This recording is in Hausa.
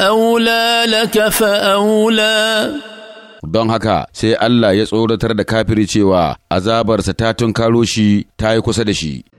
أولى لك فأولى don haka sai Allah ya tsoratar da kafiri cewa azabarsa ta tunkaro shi ta yi kusa da shi.